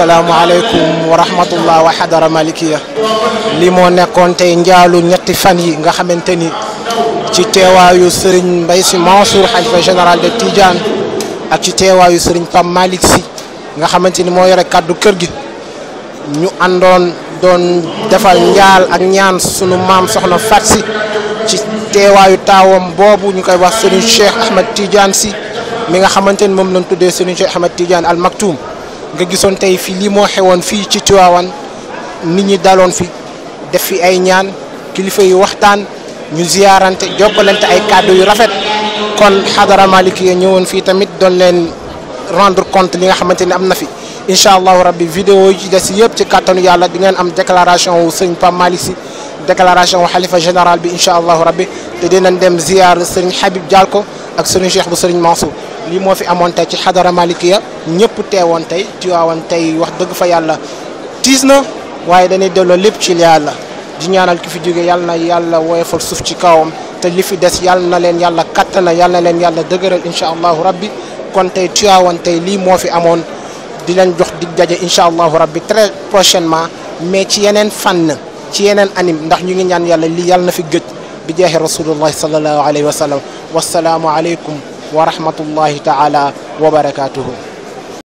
asalaamualeykum wa rahmatullah wa xadara malikiya li moo nekkoon tey njaalu ñetti fan yi nga xamante ni ci teewaayu Serigne Mbaye Sy Mansour xalifa général de Tidiane ak ci teewaayu Serigne Pam malik si nga xamante ni moo yore kàddu kër gi ñu àndoon doon defal njaal ak ñaan sunu maam soxna Fat Sy ci teewaayu taawam boobu ñu koy wax Serigne Cheikh Ahmed Tidiane si mi nga xamante ni moom lañ tuddee Serigne Cheikh Ahmed Tidiane al Maktoum nga gisoon tay fi li mo xewon fi ci tiwawan nit ñi dalon fi def fi ay ñaan kilifa yi waxtaan ñu ziarante jobalante ay cadeau yu rafet kon hadara maliki yi ñëwoon fii tamit don len rendre compte li nga xamanteni amna fi inshallah rabbi vidéo yi dess yeb ci carton yàlla di ngeen am déclaration wu sëñ pa malisi déclaration wu xalifa général bi inshallah rabbi te dinañ dem ziar sëriñ Habib dialko ak sëriñ Cheikh bu sëriñ Mansour li mo fi amoon tey ci hadara malikiya ñëpp teewoon tey Tiwaawan tay wax dëgg fa yàlla tisna waye dañé delo lépp ci yàlla di ñaanal ki fi jóge yàlla yàlla woyofal suuf ci kawam te li fi dess yàlla na leen yàlla katana yàlla leen yàlla dëgëral insha allah rabbi kon tey Tiwaawan tay li mo fi amoon di leen jox di daje insha allah rabbi très prochainement mais ci yenen fànn ci yenen anim ndax ñu ngi ñaan yàlla li yàlla na fi gëj bi jeexee rasulullah sallallahu alayhi wasallam wassalamu alaykum ورحمة الله تعالى وبركاته